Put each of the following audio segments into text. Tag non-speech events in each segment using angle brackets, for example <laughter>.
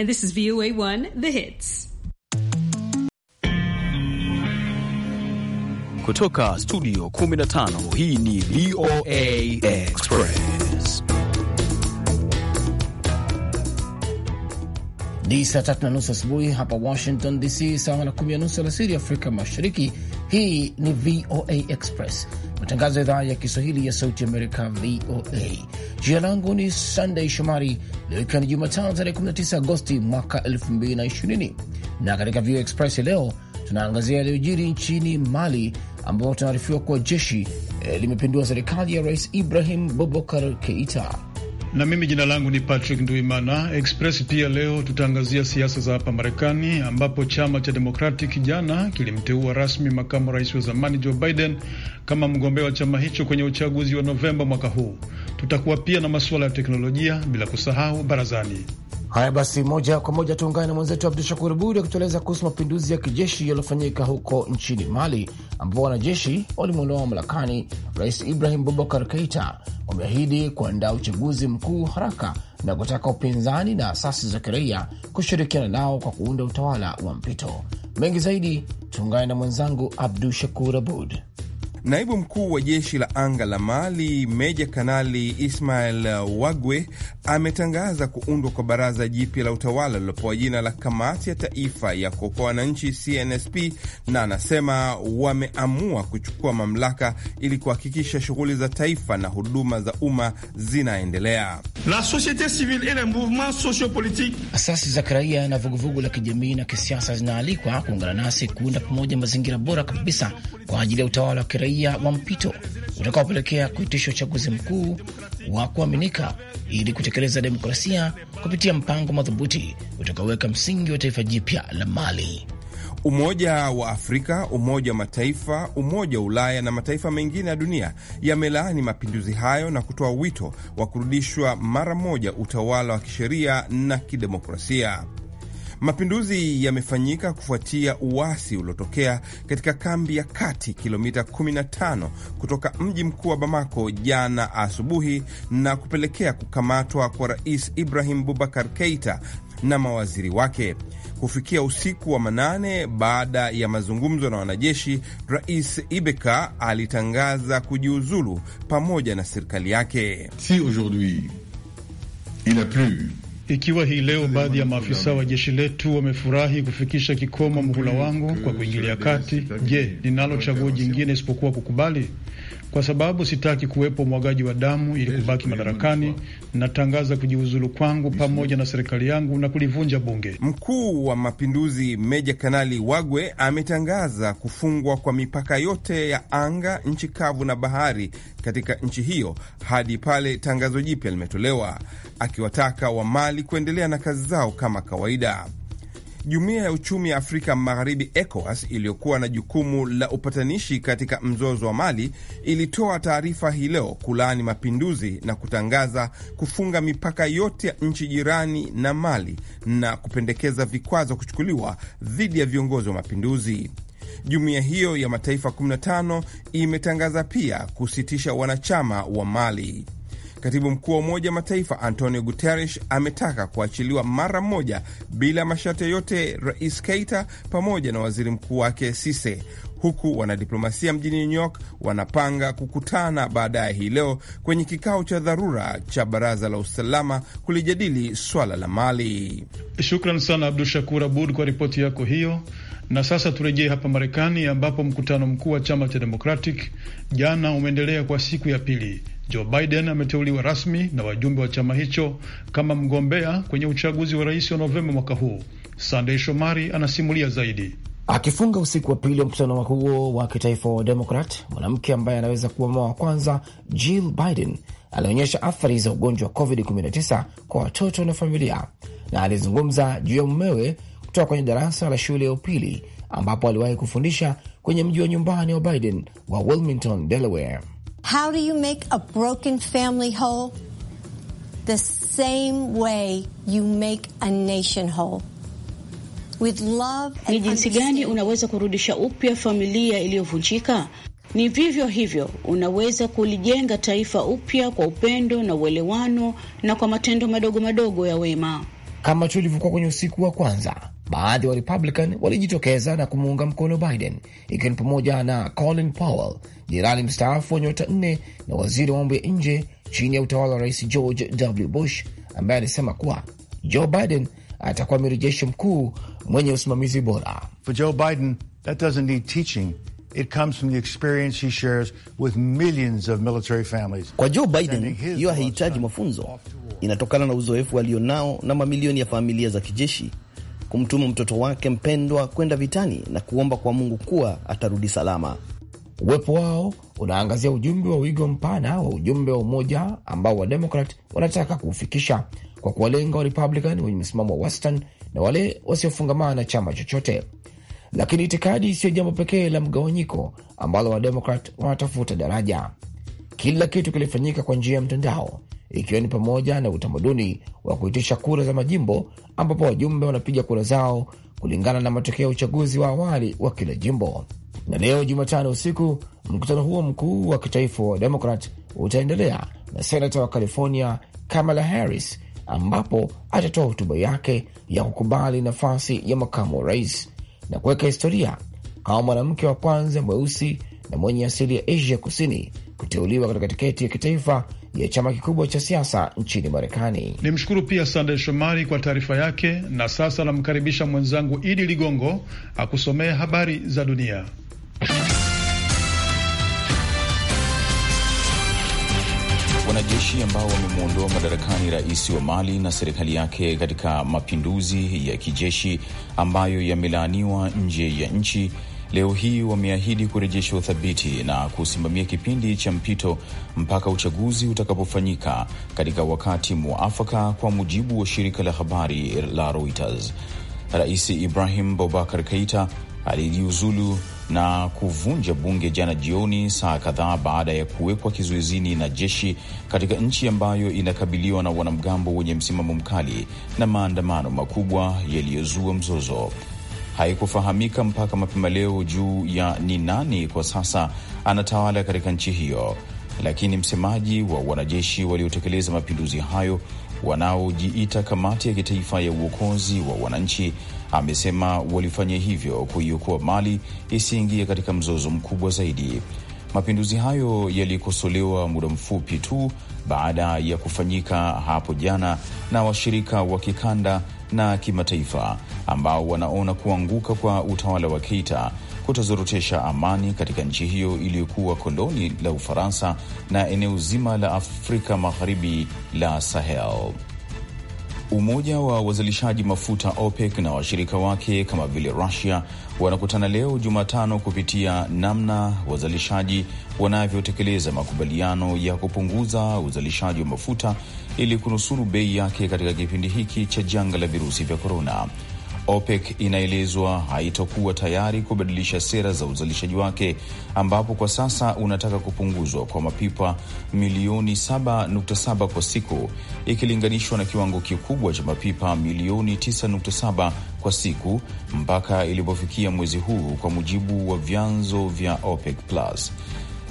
And this is VOA1 The Hits. Kutoka studio 15 hii ni VOA Express. Ni saa tatu na nusu asubuhi hapa Washington DC, sawa na kumi na nusu alasiri Afrika Mashariki. Hii ni VOA Express. Matangazo ya idhaa ya Kiswahili ya Sauti Amerika, VOA. Jina langu ni sandey Shomari. Leo ikiwa ni Jumatano tarehe 19 Agosti mwaka 2020, na katika VOA Express leo tunaangazia yaliyojiri nchini Mali, ambapo tunaarifiwa kuwa jeshi eh, limepindua serikali ya Rais Ibrahim Bobokar Keita na mimi jina langu ni Patrick Nduimana. Express pia leo tutaangazia siasa za hapa Marekani, ambapo chama cha Democratic jana kilimteua rasmi makamu rais wa zamani Joe Biden kama mgombea wa chama hicho kwenye uchaguzi wa Novemba mwaka huu. Tutakuwa pia na masuala ya teknolojia, bila kusahau barazani. Haya basi, moja kwa moja tuungane na mwenzetu Abdu Shakur Abud akitueleza kuhusu mapinduzi ya kijeshi yaliyofanyika huko nchini Mali, ambao wanajeshi walimwondoa mamlakani Rais Ibrahim Bubakar Keita. Wameahidi kuandaa uchaguzi mkuu haraka na kutaka upinzani na asasi za kiraia kushirikiana nao kwa kuunda utawala wa mpito. Mengi zaidi, tuungane na mwenzangu Abdu Shakur Abud. Naibu mkuu wa jeshi la anga la Mali, meja kanali ismael Wagwe, ametangaza kuundwa kwa baraza jipya la utawala lilopewa jina la Kamati ya Taifa ya Kuokoa Wananchi, CNSP, na anasema wameamua kuchukua mamlaka ili kuhakikisha shughuli za taifa na huduma za umma zinaendelea. Asasi za kiraia na vuguvugu la kijamii na kisiasa zinaalikwa kuungana nasi kuunda pamoja mazingira bora kabisa kwa ajili ya utawala wa kiraia sheria wa mpito utakaopelekea kuitishwa uchaguzi mkuu wa kuaminika ili kutekeleza demokrasia kupitia mpango madhubuti utakaoweka msingi wa taifa jipya la Mali. Umoja wa Afrika, Umoja wa Mataifa, Umoja wa Ulaya na mataifa mengine ya dunia yamelaani mapinduzi hayo na kutoa wito wa kurudishwa mara moja utawala wa kisheria na kidemokrasia. Mapinduzi yamefanyika kufuatia uasi uliotokea katika kambi ya kati kilomita 15 kutoka mji mkuu wa Bamako jana asubuhi na kupelekea kukamatwa kwa Rais Ibrahim Boubacar Keita na mawaziri wake. Kufikia usiku wa manane, baada ya mazungumzo na wanajeshi, Rais Ibeka alitangaza kujiuzulu pamoja na serikali yake. Si aujourd'hui il a ikiwa hii leo baadhi ya maafisa wa jeshi letu wamefurahi kufikisha kikomo mhula wangu kwa kuingilia kati, je, ninalo chaguo jingine isipokuwa kukubali? Kwa sababu sitaki kuwepo mwagaji wa damu ili kubaki madarakani, natangaza kujiuzulu kwangu pamoja na serikali yangu na kulivunja bunge. Mkuu wa mapinduzi Meja Kanali Wagwe ametangaza kufungwa kwa mipaka yote ya anga, nchi kavu na bahari katika nchi hiyo hadi pale tangazo jipya limetolewa, akiwataka wa mali kuendelea na kazi zao kama kawaida. Jumuiya ya uchumi ya Afrika Magharibi, ECOWAS, iliyokuwa na jukumu la upatanishi katika mzozo wa Mali ilitoa taarifa hii leo kulaani mapinduzi na kutangaza kufunga mipaka yote ya nchi jirani na Mali na kupendekeza vikwazo kuchukuliwa dhidi ya viongozi wa mapinduzi. Jumuiya hiyo ya mataifa 15 imetangaza pia kusitisha wanachama wa Mali. Katibu mkuu wa Umoja Mataifa Antonio Guterres ametaka kuachiliwa mara moja bila masharti yote Rais Keita pamoja na waziri mkuu wake Sise, huku wanadiplomasia mjini New York wanapanga kukutana baadaye hii leo kwenye kikao cha dharura cha Baraza la Usalama kulijadili swala la Mali. Shukran sana Abdu Shakur Abud kwa ripoti yako hiyo. Na sasa turejee hapa Marekani, ambapo mkutano mkuu wa chama cha Democratic jana umeendelea kwa siku ya pili. Joe Biden ameteuliwa rasmi na wajumbe wa chama hicho kama mgombea kwenye uchaguzi wa rais wa Novemba mwaka huu. Sandey Shomari anasimulia zaidi. Akifunga usiku wa pili wa mkutano huo wa kitaifa wa Demokrat, mwanamke ambaye anaweza kuwa mama wa kwanza, Jill Biden, alionyesha athari za ugonjwa wa COVID-19 kwa watoto na familia, na alizungumza juu ya mumewe kutoka kwenye darasa la shule ya upili ambapo aliwahi kufundisha kwenye mji wa nyumbani wa Biden wa Wilmington, Delaware. How do you make a broken family whole? The same way you make a nation whole. With love and ni jinsi gani unaweza kurudisha upya familia iliyovunjika? Ni vivyo hivyo unaweza kulijenga taifa upya kwa upendo na uelewano na kwa matendo madogo madogo ya wema. Kama tulivyokuwa kwenye usiku wa kwanza, Baadhi wa Republican walijitokeza na kumuunga mkono Biden, ikiwa ni pamoja na Colin Powell, jenerali mstaafu wa nyota nne na waziri wa mambo ya nje chini ya utawala wa rais George W. Bush, ambaye alisema kuwa Joe Biden atakuwa amiri jeshi mkuu mwenye usimamizi bora. For Joe Biden, that doesn't need teaching. It comes from the experience he shares with millions of military families. Kwa Joe Biden hiyo haihitaji mafunzo, inatokana na uzoefu alionao na mamilioni ya familia za kijeshi kumtuma mtoto wake mpendwa kwenda vitani na kuomba kwa Mungu kuwa atarudi salama. Uwepo wao unaangazia ujumbe wa wigo mpana wa ujumbe wa umoja ambao Wademokrat wanataka kuufikisha kwa kuwalenga Warepublican wenye msimamo wa waston na wale wasiofungamana na chama chochote. Lakini itikadi siyo jambo pekee la mgawanyiko ambalo Wademokrat wanatafuta daraja. Kila kitu kilifanyika kwa njia ya mtandao ikiwa ni pamoja na utamaduni wa kuitisha kura za majimbo ambapo wajumbe wanapiga kura zao kulingana na matokeo ya uchaguzi wa awali wa kila jimbo. Na leo Jumatano usiku mkutano huo mkuu wa kitaifa wa Demokrat utaendelea na senata wa California Kamala Harris ambapo atatoa hotuba yake ya kukubali nafasi ya makamu wa rais na kuweka historia kama mwanamke wa kwanza mweusi na mwenye asili ya Asia kusini kuteuliwa katika tiketi ya kitaifa ya chama kikubwa cha siasa nchini Marekani. Ni mshukuru pia Sande Shomari kwa taarifa yake, na sasa namkaribisha mwenzangu Idi Ligongo akusomea habari za dunia. Wanajeshi ambao wamemwondoa madarakani rais wa Mali na serikali yake katika mapinduzi ya kijeshi ambayo yamelaaniwa nje ya nchi leo hii wameahidi kurejesha uthabiti na kusimamia kipindi cha mpito mpaka uchaguzi utakapofanyika katika wakati muafaka, kwa mujibu wa shirika la habari la Reuters. Rais Ibrahim bobakar Keita alijiuzulu na kuvunja bunge jana jioni, saa kadhaa baada ya kuwekwa kizuizini na jeshi katika nchi ambayo inakabiliwa na wanamgambo wenye msimamo mkali na maandamano makubwa yaliyozua mzozo haikufahamika mpaka mapema leo juu ya ni nani kwa sasa anatawala katika nchi hiyo, lakini msemaji wa wanajeshi waliotekeleza mapinduzi hayo wanaojiita Kamati ya Kitaifa ya Uokozi wa Wananchi amesema walifanya hivyo kuiokoa Mali isiingie katika mzozo mkubwa zaidi. Mapinduzi hayo yalikosolewa muda mfupi tu baada ya kufanyika hapo jana na washirika wa kikanda na kimataifa ambao wanaona kuanguka kwa utawala wa Keita kutazorotesha amani katika nchi hiyo iliyokuwa koloni la Ufaransa na eneo zima la Afrika Magharibi la Sahel. Umoja wa wazalishaji mafuta OPEC na washirika wake kama vile Rusia wanakutana leo Jumatano kupitia namna wazalishaji wanavyotekeleza makubaliano ya kupunguza uzalishaji wa mafuta ili kunusuru bei yake katika kipindi hiki cha janga la virusi vya korona. OPEC inaelezwa haitakuwa tayari kubadilisha sera za uzalishaji wake ambapo kwa sasa unataka kupunguzwa kwa mapipa milioni 7.7 kwa siku ikilinganishwa na kiwango kikubwa cha mapipa milioni 9.7 kwa siku mpaka ilipofikia mwezi huu, kwa mujibu wa vyanzo vya OPEC Plus.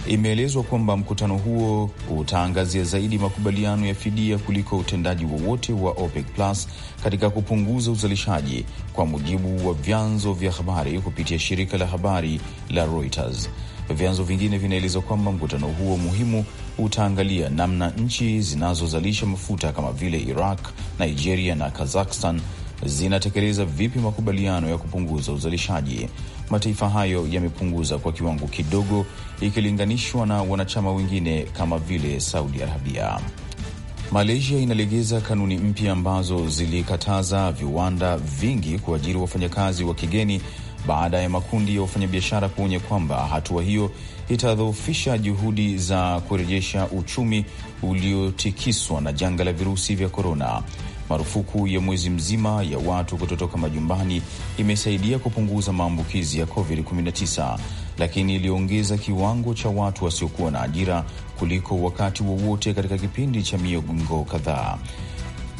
Imeelezwa kwamba mkutano huo utaangazia zaidi makubaliano ya fidia kuliko utendaji wowote wa, wa OPEC Plus katika kupunguza uzalishaji, kwa mujibu wa vyanzo vya habari kupitia shirika la habari la Reuters. Vyanzo vingine vinaeleza kwamba mkutano huo muhimu utaangalia namna nchi zinazozalisha mafuta kama vile Iraq, Nigeria na Kazakhstan zinatekeleza vipi makubaliano ya kupunguza uzalishaji. Mataifa hayo yamepunguza kwa kiwango kidogo ikilinganishwa na wanachama wengine kama vile Saudi Arabia. Malaysia inalegeza kanuni mpya ambazo zilikataza viwanda vingi kuajiri wafanyakazi wa kigeni baada ya makundi ya wafanyabiashara kuonya kwamba hatua hiyo itadhoofisha juhudi za kurejesha uchumi uliotikiswa na janga la virusi vya korona. Marufuku ya mwezi mzima ya watu kutotoka majumbani imesaidia kupunguza maambukizi ya COVID-19 lakini iliongeza kiwango cha watu wasiokuwa na ajira kuliko wakati wowote katika kipindi cha miongo kadhaa.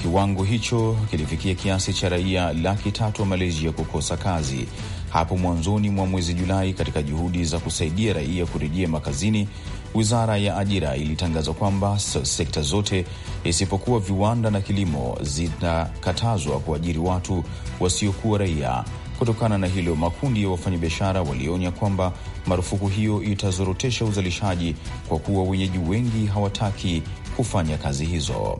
Kiwango hicho kilifikia kiasi cha raia laki tatu wa Malaysia kukosa kazi hapo mwanzoni mwa mwezi Julai. Katika juhudi za kusaidia raia kurejea makazini, wizara ya ajira ilitangaza kwamba sekta zote isipokuwa viwanda na kilimo zitakatazwa kuajiri watu wasiokuwa raia. Kutokana na hilo, makundi ya wafanyabiashara walionya kwamba marufuku hiyo itazorotesha uzalishaji kwa kuwa wenyeji wengi hawataki kufanya kazi hizo.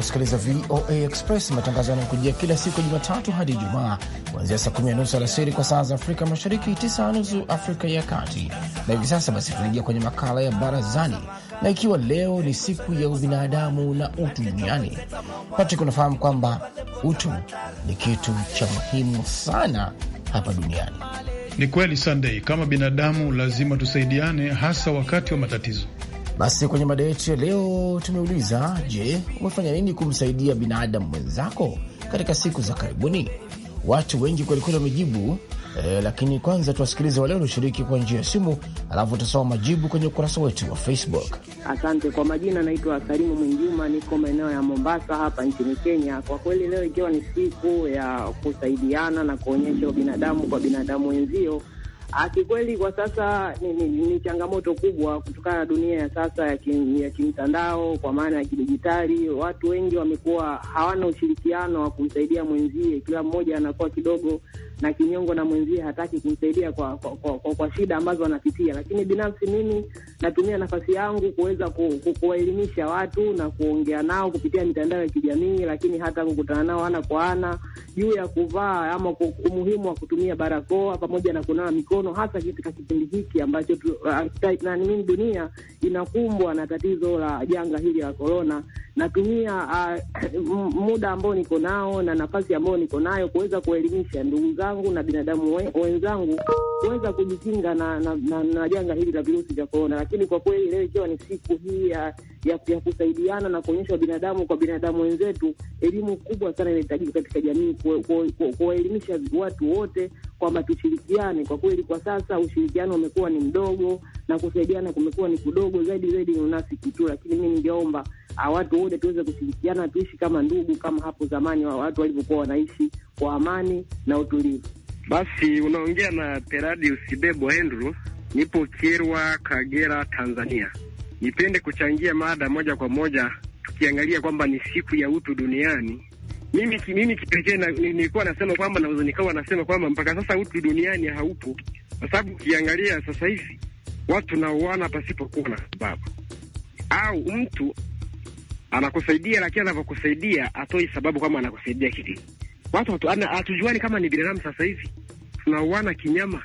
unasikiliza VOA Express. Matangazo yanayokujia kila siku ya Jumatatu hadi Ijumaa, kuanzia saa kumi na nusu alasiri kwa saa za Afrika Mashariki, tisa na nusu Afrika ya Kati. Na hivi sasa basi, tunaingia kwenye makala ya Barazani, na ikiwa leo ni siku ya ubinadamu na utu duniani, Patrick, unafahamu kwamba utu ni kitu cha muhimu sana hapa duniani. Ni kweli Sunday, kama binadamu lazima tusaidiane, hasa wakati wa matatizo basi kwenye mada yetu ya leo tumeuliza, je, umefanya nini kumsaidia binadamu mwenzako katika siku za karibuni? Watu wengi kwelikweli wamejibu eh, lakini kwanza tuwasikilize wale walioshiriki kwa njia ya simu, alafu utasoma majibu kwenye ukurasa wetu wa Facebook. Asante kwa majina, naitwa Salimu Mwinjuma, niko maeneo ya Mombasa hapa nchini Kenya. Kwa kweli leo ikiwa ni siku ya kusaidiana na kuonyesha ubinadamu kwa binadamu wenzio Kikweli kwa sasa ni, ni, ni changamoto kubwa kutokana na dunia ya sasa ya kimtandao, kwa maana ya kidijitali. Watu wengi wamekuwa hawana ushirikiano wa kumsaidia mwenzie, kila mmoja anakuwa kidogo na kinyongo na mwenzie, hataki kumsaidia kwa, kwa, kwa, kwa, kwa shida ambazo wanapitia. Lakini binafsi mimi natumia nafasi yangu kuweza kuwaelimisha watu na kuongea nao kupitia mitandao ya kijamii, lakini hata kukutana nao ana kwa ana juu ya kuvaa ama umuhimu wa kutumia barakoa pamoja na kunawa mikono mkono, hasa katika kipindi hiki ambacho uh, dunia inakumbwa na tatizo la janga hili la korona. Natumia uh, <clears throat> muda ambao niko nao na nafasi ambayo niko nayo kuweza kuelimisha ndugu zangu na binadamu wenzangu kuweza kujikinga na, na, na, na janga hili la virusi vya korona. Lakini kwa kweli leo ikiwa ni siku hii ya, ya, ya kusaidiana na kuonyesha binadamu kwa binadamu wenzetu, elimu kubwa sana inahitajika katika jamii kuwaelimisha watu wote kwamba tushirikiane. Kwa kweli, kwa sasa ushirikiano umekuwa ni mdogo na kusaidiana kumekuwa ni kudogo, zaidi zaidi ni unafiki tu, lakini mi ningeomba ah, watu wote tuweze kushirikiana, tuishi kama ndugu, kama hapo zamani wa watu walivyokuwa wanaishi kwa amani na utulivu. Basi unaongea na Peradi Usibebo Hendru, nipo Kyerwa, Kagera, Tanzania. Nipende kuchangia mada moja kwa moja, tukiangalia kwamba ni siku ya utu duniani mimi mimi kipekee nilikuwa nasema kwamba naweza nikawa nasema kwamba mpaka sasa utu duniani haupo, kwa sababu ukiangalia sasa hivi watu nauana pasipokuwa na sababu, au mtu anakusaidia lakini anavyokusaidia atoi sababu kama anakusaidia kiti. Watu hatujuani kama ni binadamu. Sasa hivi tunaoana kinyama,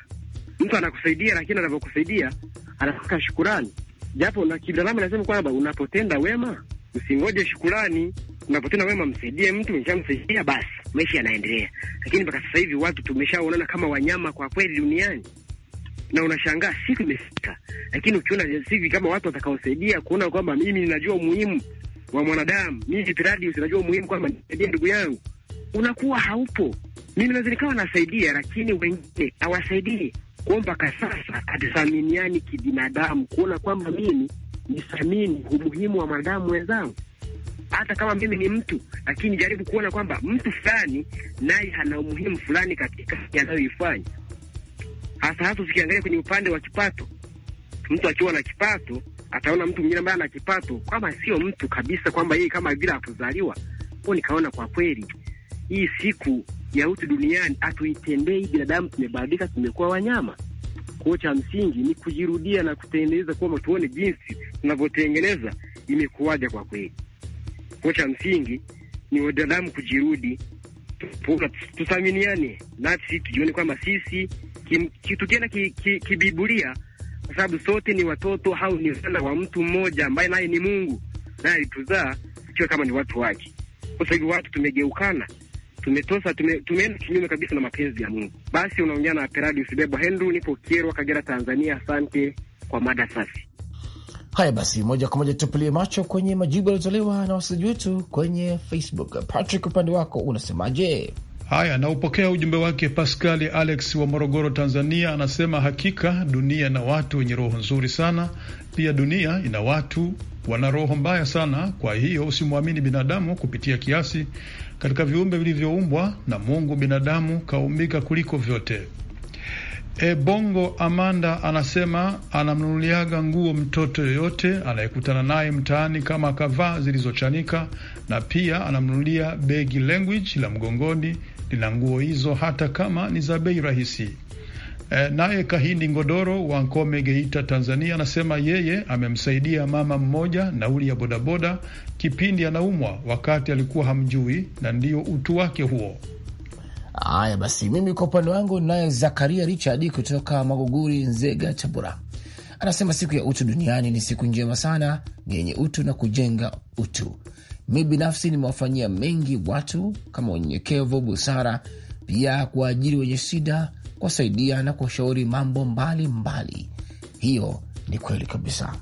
mtu anakusaidia lakini anavyokusaidia anataka shukurani, japo na kibinadamu nasema kwamba unapotenda wema usingoje shukurani. Unapotenda wema, msaidie mtu, mshamsaidia basi, maisha yanaendelea. Lakini mpaka sasa hivi watu tumeshaonana kama wanyama kwa kweli duniani, na unashangaa siku imefika. Lakini ukiona sivi kama watu watakaosaidia kuona kwamba mimi ninajua umuhimu wa mwanadamu, mimi Piradius najua umuhimu kwamba nisaidie ndugu yangu, unakuwa haupo. Mimi naweza nikawa nasaidia, lakini wengine hawasaidii kuomba Mpaka sasa hatuthaminiani kibinadamu, kuona kwamba mimi nithamini umuhimu wa mwanadamu wenzangu hata kama mimi ni mtu, lakini jaribu kuona kwamba mtu fulani naye ana umuhimu fulani katika anayoifanya, hasa hasa ukiangalia kwenye upande wa kipato. Mtu akiwa na kipato ataona mtu mwingine ambaye ana kipato kama sio mtu kabisa, kwamba yeye kama vile hakuzaliwa ko. Nikaona kwa kweli hii siku ya utu duniani hatuitendei binadamu, tumebadilika, tumekuwa wanyama. Kwa cha msingi ni kujirudia na kutengeneza, kwamba tuone jinsi tunavyotengeneza imekuwaja kwa kweli kocha msingi ni wadadamu kujirudi, tuthaminiane nafsi, tujione kwamba sisi tukienda kibibulia ki, ki, kwa sababu sote ni watoto au ni wana wa mtu mmoja ambaye naye ni Mungu, naye alituzaa tukiwa kama ni watu wake. Sasa hivi watu tumegeukana, tumetosa, tume, tumeenda kinyume kabisa na mapenzi ya Mungu. Basi unaongea na Peradi Usibebwa Hendu, nipo Kyerwa, Kagera, Tanzania. Asante kwa mada safi. Haya basi, moja kwa moja tupilie macho kwenye majibu yaliyotolewa na wasikilizaji wetu kwenye Facebook. Patrick, upande wako unasemaje? Haya, naupokea ujumbe wake. Paskali Alex wa Morogoro, Tanzania, anasema hakika dunia ina watu wenye roho nzuri sana, pia dunia ina watu wana roho mbaya sana. Kwa hiyo usimwamini binadamu kupitia kiasi. Katika viumbe vilivyoumbwa na Mungu, binadamu kaumbika kuliko vyote. E, bongo Amanda anasema anamnunuliaga nguo mtoto yoyote anayekutana naye mtaani kama kavaa zilizochanika, na pia anamnunulia begi language la mgongoni lina nguo hizo hata kama ni za bei rahisi. E, naye Kahindi Ngodoro wa Nkome, Geita, Tanzania anasema yeye amemsaidia mama mmoja nauli ya bodaboda kipindi anaumwa, wakati alikuwa hamjui, na ndio utu wake huo. Haya basi, mimi kwa upande wangu naye Zakaria Richard kutoka Maguguri, Nzega, Tabora anasema siku ya utu duniani ni siku njema sana yenye utu na kujenga utu. Mi binafsi nimewafanyia mengi watu kama unyenyekevu, busara, pia kuwaajiri wenye shida, kuwasaidia na kuwashauri mambo mbalimbali. Hiyo ni kweli kabisa.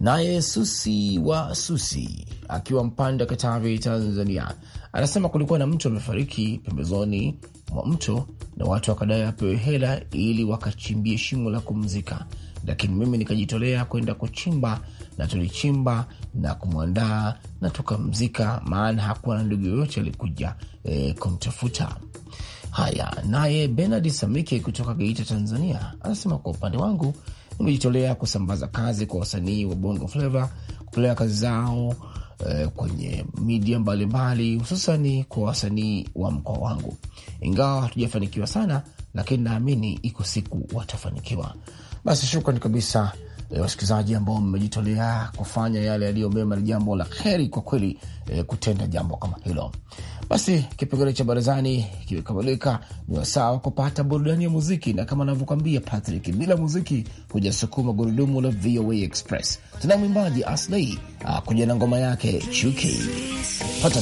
Naye Susi wa Susi akiwa Mpanda, Katavi, Tanzania, anasema kulikuwa na mtu amefariki pembezoni mwa mto na watu wakadai wapewe hela ili wakachimbie shimo la kumzika, lakini mimi nikajitolea kwenda kuchimba, na tulichimba na kumwandaa na tukamzika, maana hakuwa na ndugu yoyote alikuja e, kumtafuta. Haya, naye Benard Samike kutoka Geita, Tanzania, anasema kwa upande wangu nimejitolea kusambaza kazi kwa wasanii wa Bongo Flava, kupeleka kazi zao eh, kwenye media mbalimbali, hususani kwa wasanii wa mkoa wangu. Ingawa hatujafanikiwa sana, lakini naamini iko siku watafanikiwa. Basi shukrani kabisa e, wasikilizaji ambao mmejitolea kufanya yale yaliyo mema, ni jambo la kheri kwa kweli e, kutenda jambo kama hilo. Basi kipengele cha barazani kimekamilika, ni wasawa kupata burudani ya muziki, na kama anavyokwambia Patrick, bila muziki hujasukuma gurudumu la VOA Express. Tuna mwimbaji Aslei ah, kuja na ngoma yake Chuki, pata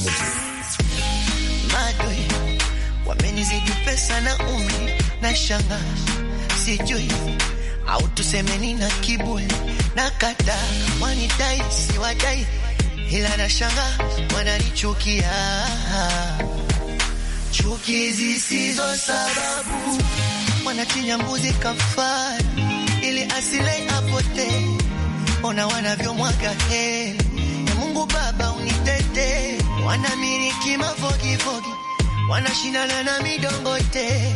wamenizidi pesa na umri na shanga sijui au tusemeni na kibwe na kata wanidai wadai, ila na shanga wananichukia, chuki zisizo sababu, wanachinya mbuzi kafara ili asile apote Ona wanavyomwaga heri ya Mungu Baba, unitete. Wanamiliki mafogifogi, wanashindana na midongote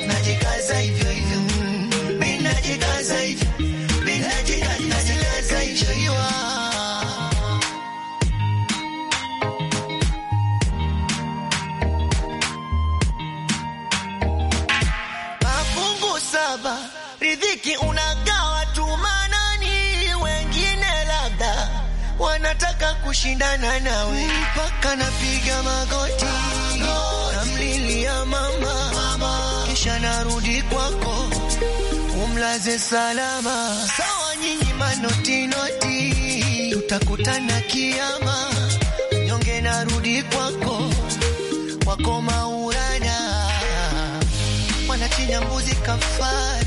dhiki unagawa tu manani, wengine labda wanataka kushindana nawe, mpaka napiga magoti namlilia mama, mama, kisha narudi kwako umlaze salama. Sawa nyinyi manotinoti, tutakutana kiama, nyonge narudi kwako wakoma achinja mbuzi kafara,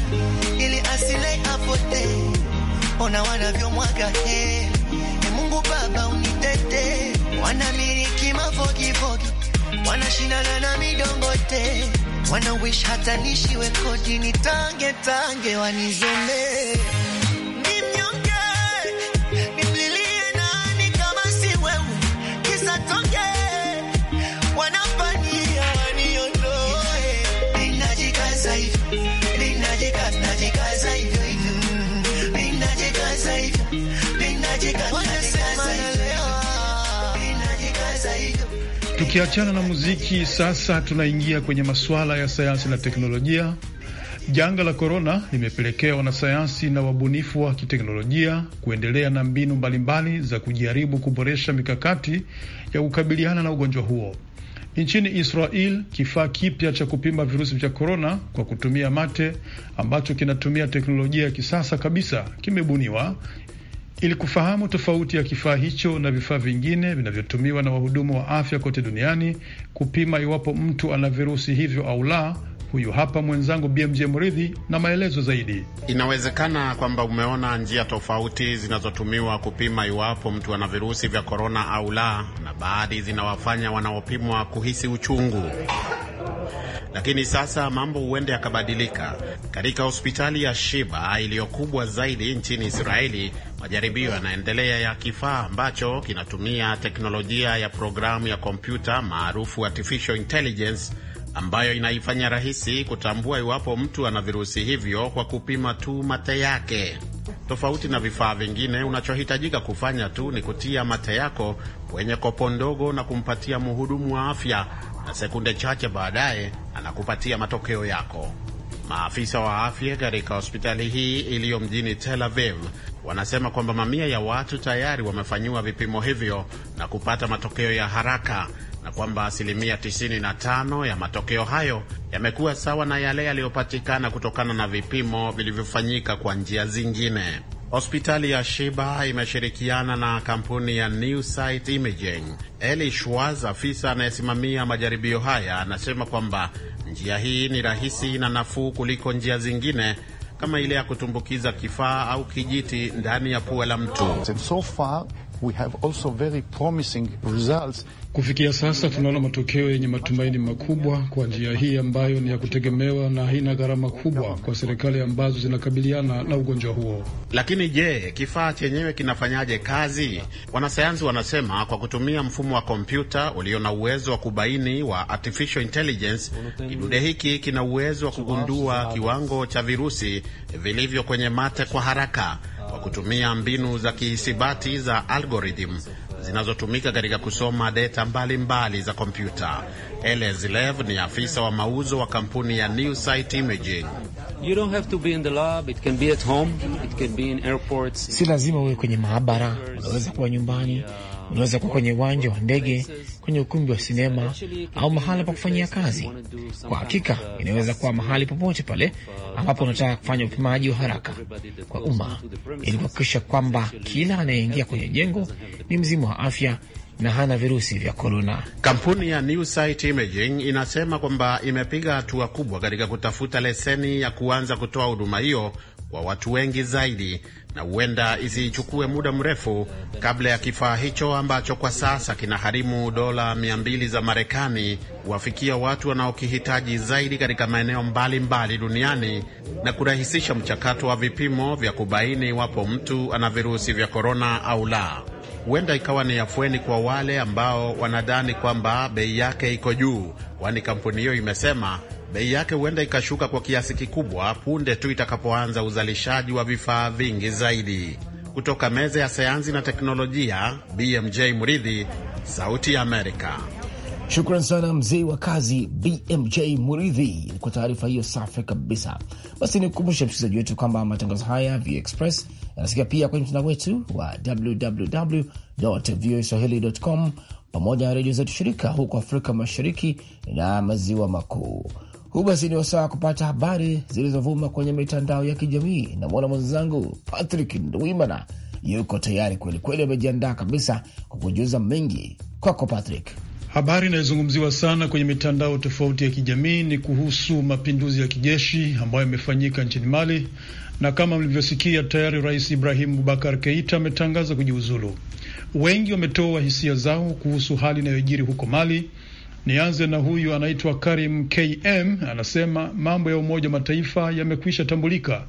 ili asilai apotee. Ona wanavyomwaga heri. E Mungu Baba unitete, wanamiliki mafogifogi, wanashindana na midongote, wana wish hata nishiwe kodi nitangetange, wanizemee Tukiachana na muziki, sasa tunaingia kwenye masuala ya sayansi na teknolojia. Janga la korona limepelekea wanasayansi na wabunifu wa kiteknolojia kuendelea na mbinu mbalimbali za kujaribu kuboresha mikakati ya kukabiliana na ugonjwa huo. Nchini Israel, kifaa kipya cha kupima virusi vya korona kwa kutumia mate ambacho kinatumia teknolojia ya kisasa kabisa kimebuniwa ili kufahamu tofauti ya kifaa hicho na vifaa vingine vinavyotumiwa na wahudumu wa afya kote duniani kupima iwapo mtu ana virusi hivyo au la, Huyu hapa mwenzangu BMJ Mridhi na maelezo zaidi. Inawezekana kwamba umeona njia tofauti zinazotumiwa kupima iwapo mtu ana virusi vya korona au la, na baadhi zinawafanya wanaopimwa kuhisi uchungu lakini sasa mambo huende yakabadilika. Katika hospitali ya Shiba iliyokubwa zaidi nchini Israeli, majaribio yanaendelea ya kifaa ambacho kinatumia teknolojia ya programu ya kompyuta maarufu artificial intelligence ambayo inaifanya rahisi kutambua iwapo mtu ana virusi hivyo kwa kupima tu mate yake. Tofauti na vifaa vingine, unachohitajika kufanya tu ni kutia mate yako kwenye kopo ndogo na kumpatia mhudumu wa afya, na sekunde chache baadaye anakupatia matokeo yako. Maafisa wa afya katika hospitali hii iliyo mjini Tel Aviv wanasema kwamba mamia ya watu tayari wamefanyiwa vipimo hivyo na kupata matokeo ya haraka, na kwamba asilimia 95 ya matokeo hayo yamekuwa sawa na yale yaliyopatikana kutokana na vipimo vilivyofanyika kwa njia zingine. Hospitali ya Shiba imeshirikiana na kampuni ya New Site Imaging. Eli Schwarz, afisa anayesimamia majaribio haya, anasema kwamba njia hii ni rahisi na nafuu kuliko njia zingine kama ile ya kutumbukiza kifaa au kijiti ndani ya pua la mtu. So far, We have also very promising results. Kufikia sasa tunaona matokeo yenye matumaini makubwa kwa njia hii ambayo ni ya kutegemewa na haina gharama kubwa kwa serikali ambazo zinakabiliana na ugonjwa huo. Lakini je, kifaa chenyewe kinafanyaje kazi? Wanasayansi wanasema kwa kutumia mfumo wa kompyuta ulio na uwezo wa kubaini wa artificial intelligence, kidude hiki kina uwezo wa kugundua kiwango cha virusi vilivyo kwenye mate kwa haraka kwa kutumia mbinu za kihisabati za algorithm zinazotumika katika kusoma data mbalimbali za kompyuta. Eles Lev ni afisa wa mauzo wa kampuni ya New Sight Imaging. Si lazima uwe kwenye maabara, unaweza kuwa nyumbani Unaweza kuwa kwenye uwanja wa ndege, kwenye ukumbi wa sinema au mahala pa kufanyia kazi. Kwa hakika, inaweza kuwa mahali popote pale ambapo unataka kufanya upimaji wa haraka kwa umma ili kuhakikisha kwamba kila anayeingia kwenye jengo ni mzima wa afya na hana virusi vya korona. Kampuni ya New Sight Imaging inasema kwamba imepiga hatua kubwa katika kutafuta leseni ya kuanza kutoa huduma hiyo wa watu wengi zaidi, na huenda isichukue muda mrefu kabla ya kifaa hicho ambacho kwa sasa kinaharimu dola 200 za Marekani kuwafikia watu wanaokihitaji zaidi katika maeneo mbalimbali duniani na kurahisisha mchakato wa vipimo vya kubaini iwapo mtu ana virusi vya korona au la. Huenda ikawa ni afueni kwa wale ambao wanadhani kwamba bei yake iko juu, kwani kampuni hiyo imesema bei yake huenda ikashuka kwa kiasi kikubwa punde tu itakapoanza uzalishaji wa vifaa vingi zaidi. Kutoka meza ya sayansi na teknolojia, BMJ Muridhi, Sauti ya Amerika. Shukran sana mzee wa kazi BMJ Muridhi kwa taarifa hiyo safi kabisa. Basi ni kukumbusha msikilizaji wetu kwamba matangazo haya VOA Express yanasikia pia kwenye mtandao wetu wa www voa swahili com pamoja na redio zetu shirika huko Afrika Mashariki na Maziwa Makuu. Huu basi ni wasaa wa kupata habari zilizovuma kwenye mitandao ya kijamii, na mwana mwenzangu Patrick Ndwimana yuko tayari kwelikweli, amejiandaa kabisa kwa kujuza mengi. Kwako Patrick. Habari inayozungumziwa sana kwenye mitandao tofauti ya kijamii ni kuhusu mapinduzi ya kijeshi ambayo yamefanyika nchini Mali, na kama mlivyosikia tayari Rais Ibrahim Bubakar Keita ametangaza kujiuzulu. Wengi wametoa hisia zao kuhusu hali inayojiri huko Mali Nianze na huyu anaitwa Karim KM, anasema mambo ya Umoja Mataifa yamekwisha tambulika.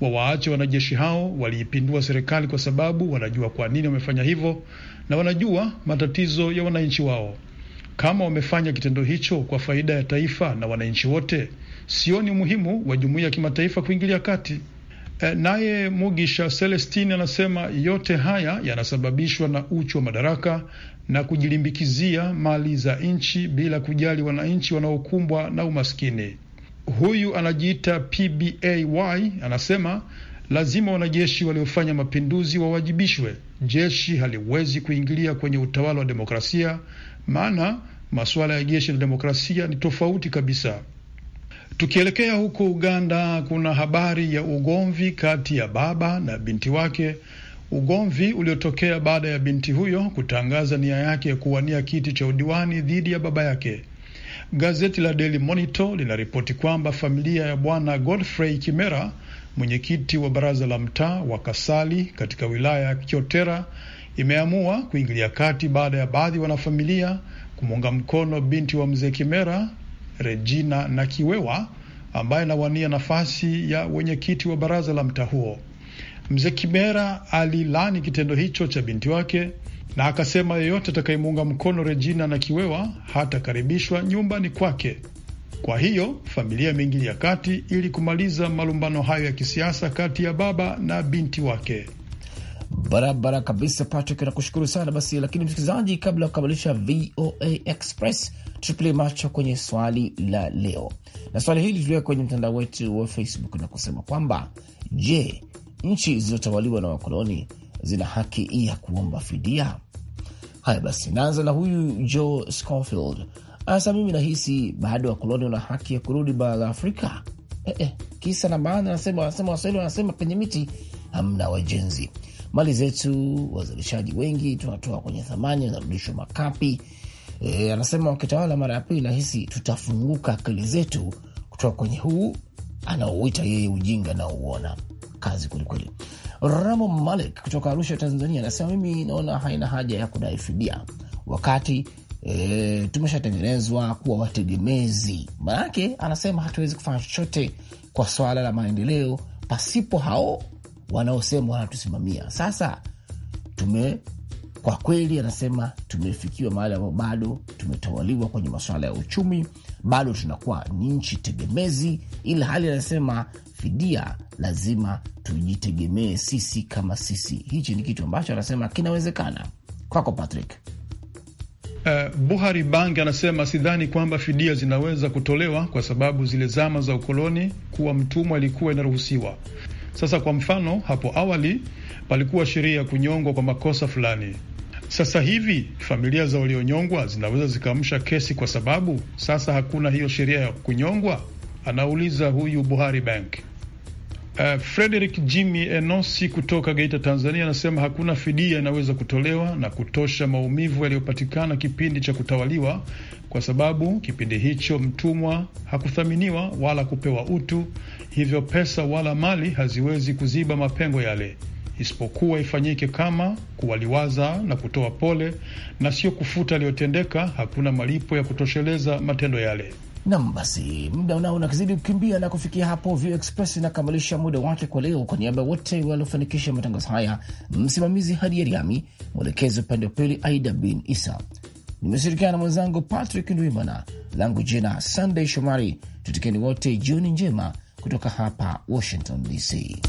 Wawaache wanajeshi hao, waliipindua serikali kwa sababu wanajua kwa nini wamefanya hivyo na wanajua matatizo ya wananchi wao. Kama wamefanya kitendo hicho kwa faida ya taifa na wananchi wote, sioni umuhimu wa jumuiya ya kimataifa kuingilia kati. E, naye Mugisha Celestine anasema yote haya yanasababishwa na uchu wa madaraka na kujilimbikizia mali za nchi bila kujali wananchi wanaokumbwa na umaskini. Huyu anajiita PBAY anasema lazima wanajeshi waliofanya mapinduzi wawajibishwe. Jeshi haliwezi kuingilia kwenye utawala wa demokrasia, maana masuala ya jeshi na demokrasia ni tofauti kabisa. Tukielekea huko Uganda, kuna habari ya ugomvi kati ya baba na binti wake, ugomvi uliotokea baada ya binti huyo kutangaza nia yake ya kuwania kiti cha udiwani dhidi ya baba yake. Gazeti la Daily Monitor linaripoti kwamba familia ya bwana Godfrey Kimera, mwenyekiti wa baraza la mtaa wa Kasali katika wilaya ya Kyotera, imeamua kuingilia kati baada ya baadhi ya wanafamilia kumuunga mkono binti wa mzee Kimera Regina Nakiwewa ambaye anawania nafasi ya wenyekiti wa baraza la mtaa huo. Mzee Kibera alilani kitendo hicho cha binti wake na akasema yeyote atakayemuunga mkono Regina Nakiwewa hatakaribishwa nyumbani kwake. Kwa hiyo familia imeingilia kati ili kumaliza malumbano hayo ya kisiasa kati ya baba na binti wake barabara kabisa, Patrick, nakushukuru sana basi. Lakini msikilizaji, kabla ya kukamilisha VOA Express, tutupilie macho kwenye swali la leo, na swali hili tuliweka kwenye mtandao wetu wa Facebook na kusema kwamba je, nchi zilizotawaliwa na wakoloni zina haki ya kuomba fidia? Haya basi, naanza na huyu Joe Scofield asa, mimi nahisi bado wakoloni wana haki ya kurudi bara la Afrika. Eh, eh, kisa na maana, anasema wanasema Waswahili wanasema, penye miti hamna wajenzi mali zetu, wazalishaji wengi tunatoa kwenye thamani, wanarudishwa makapi. E, anasema wakitawala mara ya pili, nahisi tutafunguka akili zetu kutoka kwenye huu anaouita yeye ujinga na uona Kazi kwelikweli. Ramo Malik kutoka Arusha, Tanzania, anasema mimi naona haina haja ya kudai fidia wakati e, tumeshatengenezwa kuwa wategemezi. Manake anasema hatuwezi kufanya chochote kwa swala la maendeleo pasipo hao wanaosema wanatusimamia. Sasa tume kwa kweli, anasema tumefikiwa mahali ambayo bado tumetawaliwa kwenye masuala ya uchumi, bado tunakuwa ni nchi tegemezi, ila hali anasema fidia lazima tujitegemee sisi kama sisi. Hichi ni kitu ambacho anasema kinawezekana. Kwako Patrick. Uh, Buhari Bang anasema sidhani kwamba fidia zinaweza kutolewa kwa sababu zile zama za ukoloni kuwa mtumwa ilikuwa inaruhusiwa. Sasa kwa mfano, hapo awali palikuwa sheria ya kunyongwa kwa makosa fulani. Sasa hivi familia za walionyongwa zinaweza zikaamsha kesi kwa sababu sasa hakuna hiyo sheria ya kunyongwa, anauliza huyu Buhari Bank. Uh, Frederick Jimmy Enosi kutoka Geita, Tanzania anasema hakuna fidia inaweza kutolewa na kutosha maumivu yaliyopatikana kipindi cha kutawaliwa kwa sababu kipindi hicho mtumwa hakuthaminiwa wala kupewa utu, hivyo pesa wala mali haziwezi kuziba mapengo yale, isipokuwa ifanyike kama kuwaliwaza na kutoa pole, na sio kufuta aliyotendeka. Hakuna malipo ya kutosheleza matendo yale. Nam, basi muda unao unakizidi kukimbia, na kufikia hapo Vio Express inakamilisha muda wake kwa leo. Kwa niaba wote waliofanikisha matangazo haya, msimamizi Hadi Yariami, mwelekezi upande wa pili Aida bin Isa. Nimeshirikiana na mwenzangu Patrick Ndwimana, langu jina Sunday Shomari. Tutikeni wote jioni njema kutoka hapa Washington DC.